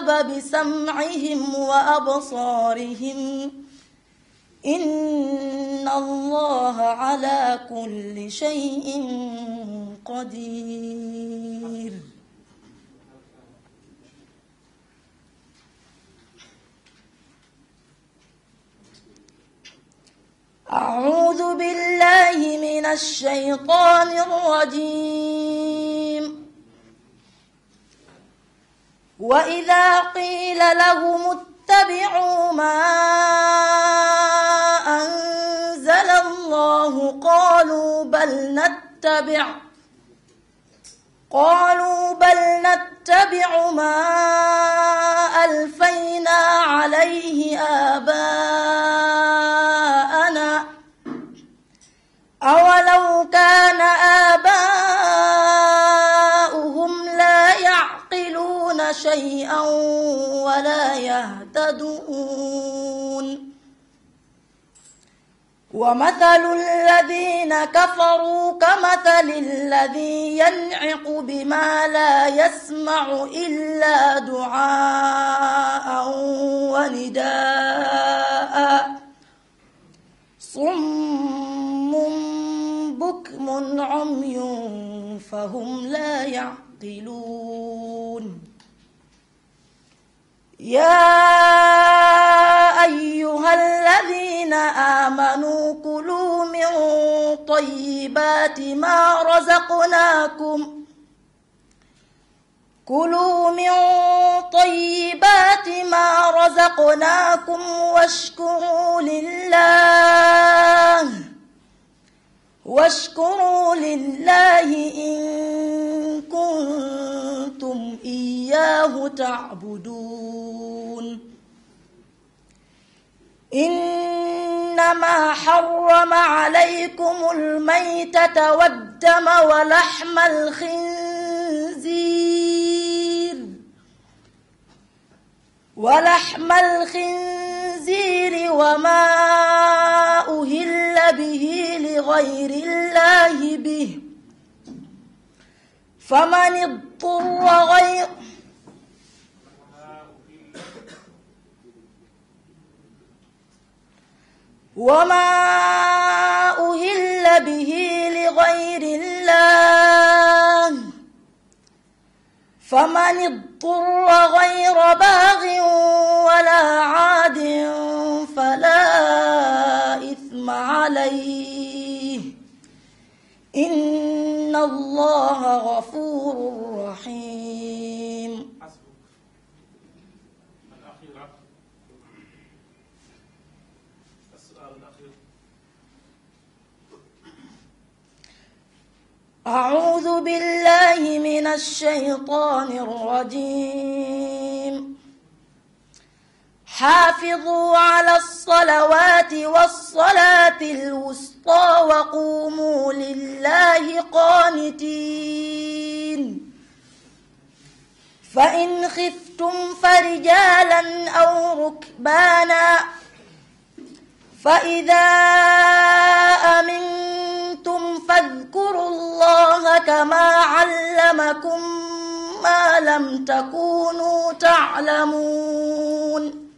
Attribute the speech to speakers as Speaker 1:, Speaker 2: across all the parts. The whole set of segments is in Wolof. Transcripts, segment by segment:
Speaker 1: العذاب بسمعهم وأبصارهم إن الله على كل شيء قدير أعوذ بالله من الشيطان الرجيم وإذا قيل لهم اتبعوا ما أنزل الله قالوا بل نتبع قالوا بل نتبع ما ألفينا عليه آباءنا شيئا ولا يهتدون ومثل الذين كفروا كمثل الذي ينعق بما لا يسمع إلا دعاء ونداء صم بكم عمي فهم لا يعقلون يا أيها الذين آمنوا كلوا من طيبات ما رزقناكم كلوا من طيبات ما رزقناكم واشكروا لله واشكروا لله إن كنتم إياه تعبدون إنما حرم عليكم الميتة والدم ولحم الخنزير ولحم الخنزير وما أهل به لغير الله به فمن اضطر غير وما أهل به لغير الله فمن اضطر غير باغ ولا عاد فلا إثم عليه إن الله غفور رحيم
Speaker 2: السؤال الأخير
Speaker 1: أعوذ بالله من الشيطان الرجيم حافظوا على الصلوات والصلاة الوسطى وقوموا لله قانتين فإن خفتم فرجالا أو ركبانا فإذا أمنتم فاذكروا الله كما علمكم ما لم تكونوا تعلمون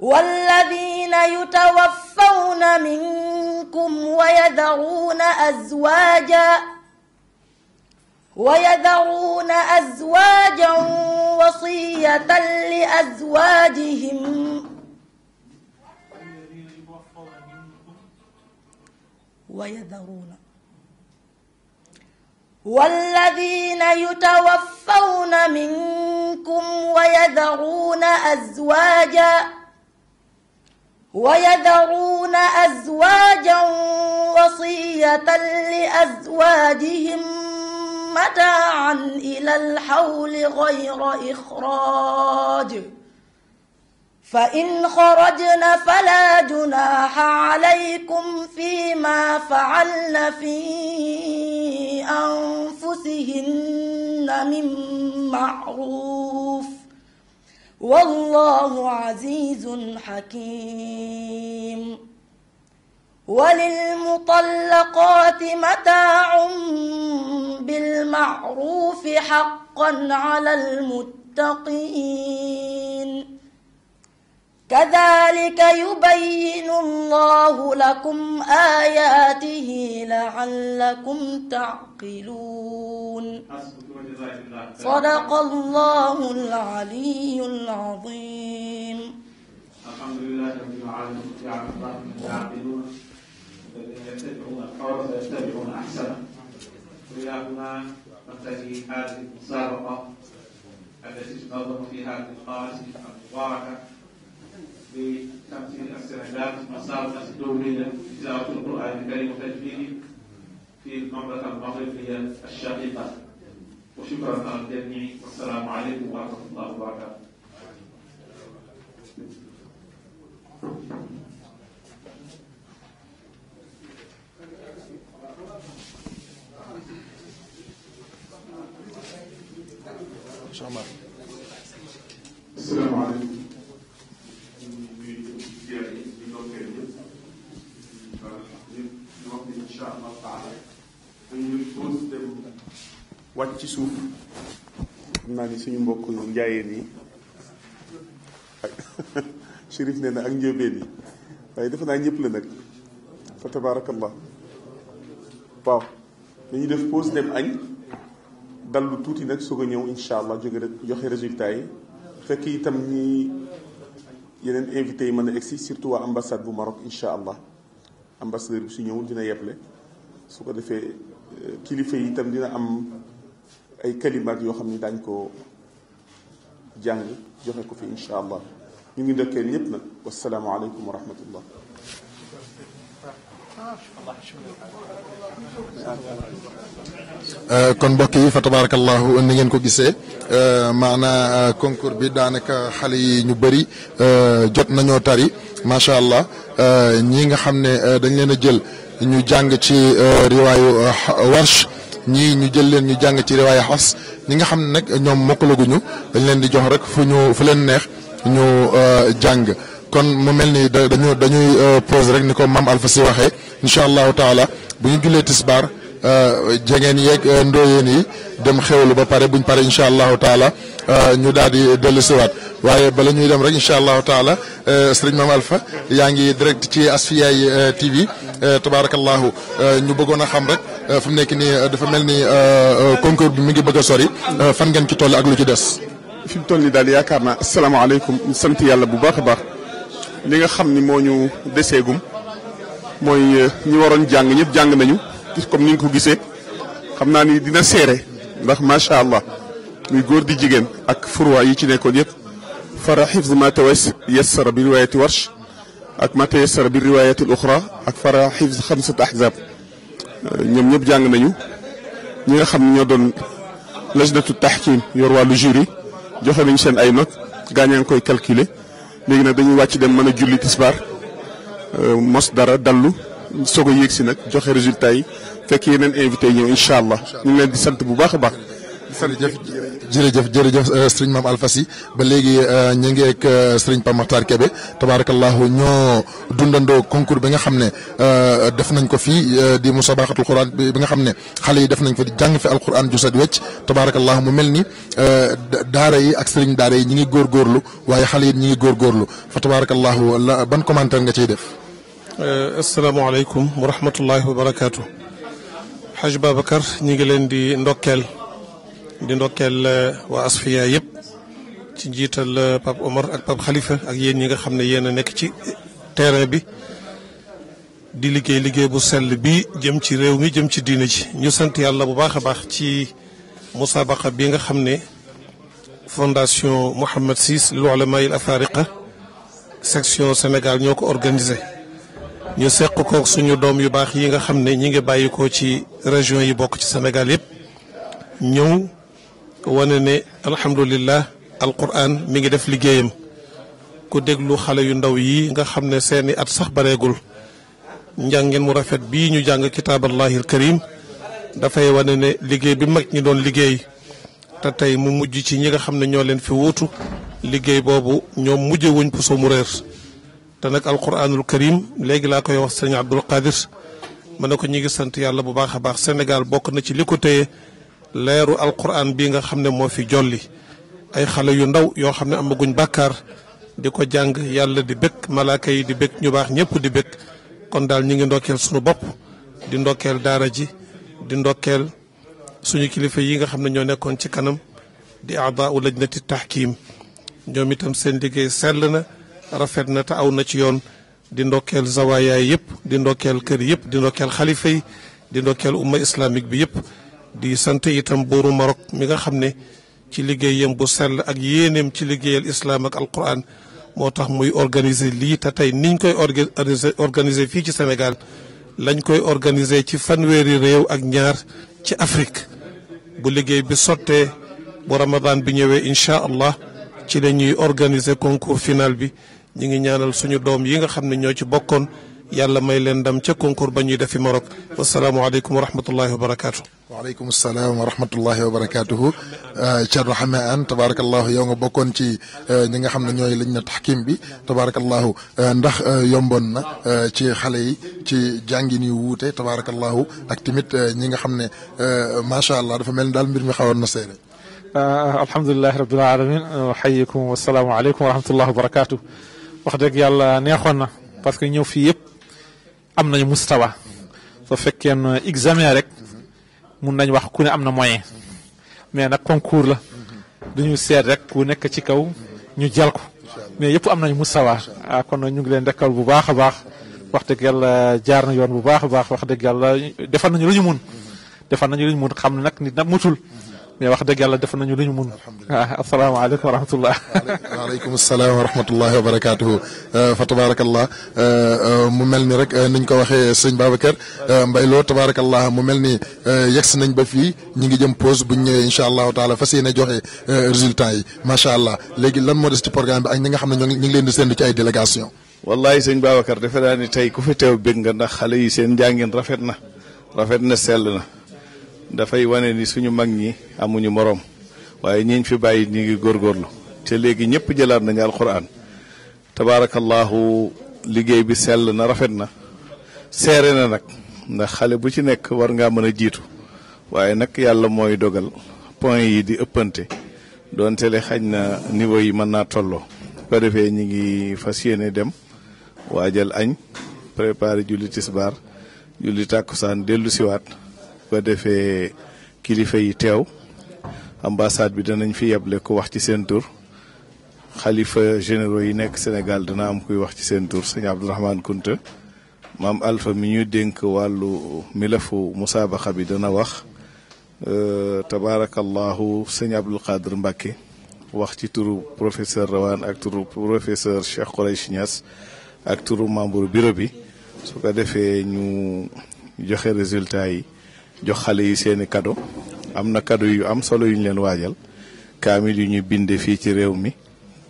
Speaker 1: والذين يتوفون منكم ويذرون أزواجا ويذرون أزواجا وصية لأزواجهم ويذرون والذين يتوفون منكم ويذرون أزواجا ويذرون أزواجا وصية لأزواجهم متاعا إلى الحول غير إخراج فإن خرجن فلا جناح عليكم فيما فعلن في أنفسهن من معروف والله عزيز حكيم وللمطلقات متاع بالمعروف حقا على المتقين كذلك يبين الله لكم آياته لعلكم تعقلون صدق الله العلي العظيم الحمد لله رب العالمين يعلم يعقلون الذين
Speaker 2: يتبعون القول فيتبعون احسنه وياهما نبتدي هذه المسابقه التي تنظم في هذه القاسم المباركه لتمثيل السندات مسار الدولي لتلاوة القرآن الكريم وتجديده في المملكة المغربية الشقيقة وشكرا على الجميع والسلام عليكم ورحمة الله وبركاته
Speaker 3: السلام عليكم wàcc ci suuf xam naa ni suñu mbokk njaayeen yi ak shérif ak njóobeen yi waaye defe naa ñëpp la nag fa tabaarakallah dañuy def pause dem añ dallu tuuti nag soog a ñëw incha allah jóge rek joxe résultat yi fekk itam ñi yeneen invité yi man a egsi surtout waa ambassade bu Maroc incha allah ambassadeur bi su ñëwul dina yeble su ko defee euh, kilifa yi itam dina am ay kalimaat yoo xam ni daañ ko jàng joxe ko fi insha allah ñu ngi ndokkeel ñëpp nag wasalaamu aleykum wa rahmatullah
Speaker 4: kon mbokk yi fa tabarakallahu ni ngeen ko gisee maanaa concours bi daanaka xale yi ñu bëri jot nañoo tari macha allah ñi nga xam ne dañ leen a jël ñu jàng ci riwaayu warsh ñi ñu jël leen ñu jàng ci riwaaya xas ñi nga xam ne nag ñoom mokkalaguñu dañ leen di jox rek fu ñu fu leen neex ñu euh, jàng kon mu mel ni dañu dañuy euh, pose rek ni ko maam Alfa si waxee incha allahu taala bu ñu jullee tisbaar euh, jegeen yeeg ndóoyeen yi dem xewlu ba pare buñ pare incha allahu taala ñu daal di dellu siwaat waaye bala ñuy dem rek incha allahu taala sëriñ maam Alfa yaa ngi direct ci Asfiyahi TV tabarakallahu ñu bëggoon a xam rek fi mu nekk nii dafa mel ni concours bi mi ngi bëgg a sori
Speaker 3: fan ngeen ci toll ak lu ci des. fi mu toll nii daal yaakaar naa asalaamaaleykum sant yàlla bu baax a baax li nga xam ni moo ñu deseegum mooy ñi waroon jàng ñëpp jàng nañu comme ni nga ko gisee xam naa ni dina seere ndax macha allah muy góor di jigéen ak furwa yi ci nekkoon yëpp fara xifz ma tawas yassara bi riwayati warsh ak ma tayassara bi riwayati al uxra ak fara xifz xamsat ahzab ñom ñep jàng nañu ñi nga xam ñoo doon lajnatu tahkim yor wàllu jury joxe nañ seen ay note gaañaa ngi koy calculer légui nak dañuy wàcc dem mëna julli tisbar mos dara dallu soog a yéeg joxe résultat yi fekk yeneen invité ñëw inshallah ñu leen di sant bu baax baax.
Speaker 4: jërëjëf jërëjëf jërëjëf euh, sëriñ Maam Alpha Sy ba léegi euh, ñu ngi ak euh, sëriñ Pape Makhtar Kébé tabaarakallaahu ñoo dundandoo concours bi nga xam ne def nañ ko fii di musabaqatul quran bi nga xam ne xale yi def nañ ko di jàng fi alquran ju set wecc tabaarakallaahu mu mel ni daara yi ak sëriñ daara yi ñi ngi góor góorlu waaye xale yi ñi ngi góorgóorlu fa tabaarakallaahu la ban commentaire nga ciy def.
Speaker 2: asalaamaaleykum wa rahmatullaahi wa barakaatu. ñi ngi leen di ndokkeel. di ndokel wa Asfiya yeb ci njiital pap Omar ak pap Khalifa ak yéen ñi nga xamne ne yéen a ci terrain bi di liggey liggey bu sel bi jëm ci rew mi jëm ci diina ji ñu sant yàlla bu baaxa baax ci musabaqa bi nga xamne fondation Mohammed VI l'ulama al afariqa section Sénégal ñoko organiser ñu sekk ko suñu doom yu baax yi nga xamne ñi nga bayiko ci région yi bok ci Sénégal yeb ñëw wane ne alhamdulillah alquran mi ngi def liggéeyam ku déglu xale yu ndaw yi nga xam ne seeni at sax bareegul njàngeen mu rafet bii ñu jàng kitaaballahi alkarim dafay wane ne liggéey bi mag ñi doon liggéey te tey mu mujj ci ñi nga xam ne ñoo leen fi wuutu liggéey boobu ñoom mujje wuñ puso mu réer te nag alquranul karim léegi laa koy wax sëñ Abdul Qadir ma ne ko ñu ngi sant yàlla bu baax a baax Sénégal bokk na ci li ko téye leeru alquran bi nga xam ne moo fi jolli ay xale yu ndaw yoo xam ne amaguñ bàkkaar di ko jàng yàlla di bëgg malaaka yi di bëgg ñu baax ñëpp di bëgg kon daal ñu ngi ndokkeel suñu bopp di ndokkeel daara ji di ndokkeel suñu kilifa yi nga xam ne ñoo nekkoon ci kanam di aadaau lajnati tahkim ñoom itam seen liggéey sell na rafet na te aw na ci yoon di ndokkeel zawaayaay yëpp di ndokkeel kër yëpp di ndokkeel xalifa yi di ndokkeel umma islamique bi yëpp di sant itam buuru Maroc mi nga xam ne ci liggéey liggéeyam bu sell ak yéeneem ci liggéeyal islaam ak alquran moo tax muy organiser lii te tey niñ koy organiser organiser fii ci Sénégal lañ koy organiser ci fanweeri réew ak ñaar ci Afrique bu liggéey bi sottee bu Ramadan bi ñëwee incha allah ci la ñuy organiser concours final bi ñi ngi ñaanal suñu doom yi nga xam ne ñoo ci bokkoon. يلا ما يلندم تكون كرباني في مروك والسلام عليكم ورحمة الله وبركاته
Speaker 4: وعليكم السلام ورحمة
Speaker 2: الله وبركاته
Speaker 4: شر رحمة أن تبارك الله يوم بكون تي نيجا حمد نيوي لين تحكيم بي تبارك الله ندخ يوم بنا تي خلي تي جانجي نيوته تبارك الله أكتمت نيجا حمد ما شاء الله رف مل دال مير مخاور نسير
Speaker 2: الحمد لله رب العالمين وحيكم والسلام عليكم ورحمة الله وبركاته وخدك يلا نيخونا باسكو نيو في يب am nañu mustawa soo fekkee ne examen rek mun nañ wax ku am na moyen mais nag concours la du duñu seet rek ku nekk ci kaw ñu jël mais yëpp am nañu mustawa ah kon ñu ngi leen dekkal bu baax a baax wax dëgg yàlla jaar na yoon bu baax a baax wax dëgg yàlla defal nañu lu ñu mun defal nañu lu mun xam ne nit nag mutul mais wax dëgg yàlla def nañu lu ñu mun. alhamdulilah asalaamaaleykum wa rahmatullah.
Speaker 4: waaleykum salaam wa rahmatullahi wa barakaatuhu. fa tabaarakallah mu mel ni rek niñ ko waxee sëñ Babacar Mbaye Lo tabaarakallah mu mel ni yegsi nañ ba fii ñu ngi jëm pause bu ñu ñëwee incha allahu taala fas yéene joxe résultat yi macha allah léegi lan moo des ci programme bi ak ñi nga xam ne ñu ngi leen di séntu ci ay
Speaker 5: délégation wallaay sëñ Babacar defe naa ni tey ku fi teew bëgg nga ndax xale yi seen njàngin rafet na rafet na sell na. fay wane ni suñu mag ñi amuñu morom waye ñiñ fi bayyi ñi ngi góorgóorlu te léegi ñëpp jëlaat nañu alquran tabarakallahu liggéey bi sell na rafet na séré na nak ndax xalé bu ci nekk war nga mëna jitu waye nak yalla moy dogal point yi di ëppante donte le xaj na niveau yi mën naa tolloo ko ñi ngi fas dem wajal añ préparé julli julita kusan delu siwat ko defee kilifa yi teew ambassade bi danañ fi yeble ko wax ci seen tur xalifa généraux yi nekk Sénégal dana am kuy wax ci seen tour tur sëñ Abdourahmane Kunta maam Alpha mi ñu dénk wàllu milafu musaabaxa bi dana wax euh, tabaarakallahu sëñ Abdul Qadir Mbacke wax ci turu professeur Rawane ak turu professeur Cheikh Khoureychi Niass ak turu membre bureau bi su ko defee ñu joxe résultat yi jox xale yi seeni cadeau am na cadeau yu am solo yu leen waajal kaamil yu ñu binde fii ci réew mi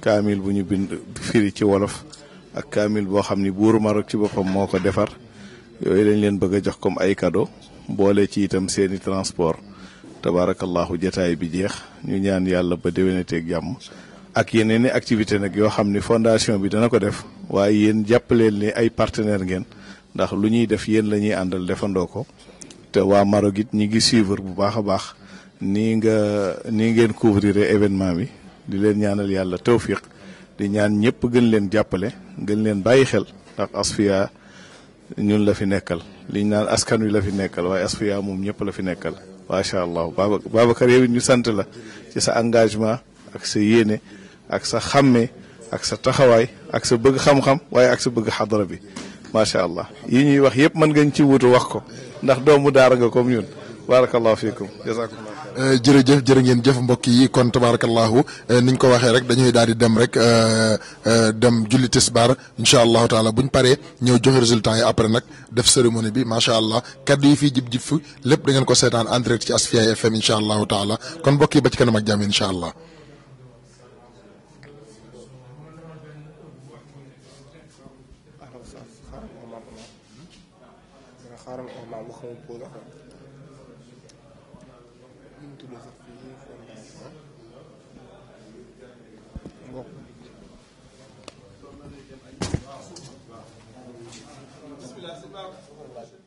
Speaker 5: kaamil bu ñu bind firi ci wolof ak kaamil boo xam ni buuru Maroc ci boppam moo ko defar yooyu lañ leen bëgg a jox comme ay cadeau boole ci itam seeni transport tabaarakallahu jataay bi jeex ñu ñaan yàlla ba déwénateeg jàmm ak yeneen i activité nag yoo xam ni fondation bi dana ko def waaye yéen jàppaleen ni ay partenaire ngeen ndax lu ñuy def yéen la ñuy àndal defandoo ko it waa Maroc it ñi ngi suivre bu baax a baax nii nga ni ngeen couvrir événement bi di leen ñaanal yàlla tawfiq di ñaan ñëpp gën leen jàppale gën leen bàyyi xel ndax Asfiya ñun la fi nekkal liñ naan askan wi la fi nekkal waaye Asfiya moom ñëpp la fi nekkal macha allah Baba Babacar yow ñu sant la ci sa engagement ak sa yéene ak sa xàmme ak sa taxawaay ak sa bëgg xam-xam waaye ak sa bëgg xadara bi macha allah yi ñuy wax yëpp mën ngañ ci wutu wax ko ndax doomu daara nga comme ñun barakallahu fiikum jazakumullah
Speaker 4: euh, jërëjëf jërë ngeen jëf mbokk yi kon tabarakallahu euh, niñ ko waxee rek dañuy daal di dem rek euh, dem julli tisbaar incha allahu taala buñ paree ñëw joxe résultat yi après nag def cérémonie bi macha allah kaddu yi fii jib-jib fi lépp da ngeen ko seetaan en direct ci Asfiyahi FM incha allahu taala kon mbokk yi ba ci kanam ak jàmm allah
Speaker 2: xaaral ma xamal ma xamal Pogba xamal. mbokk.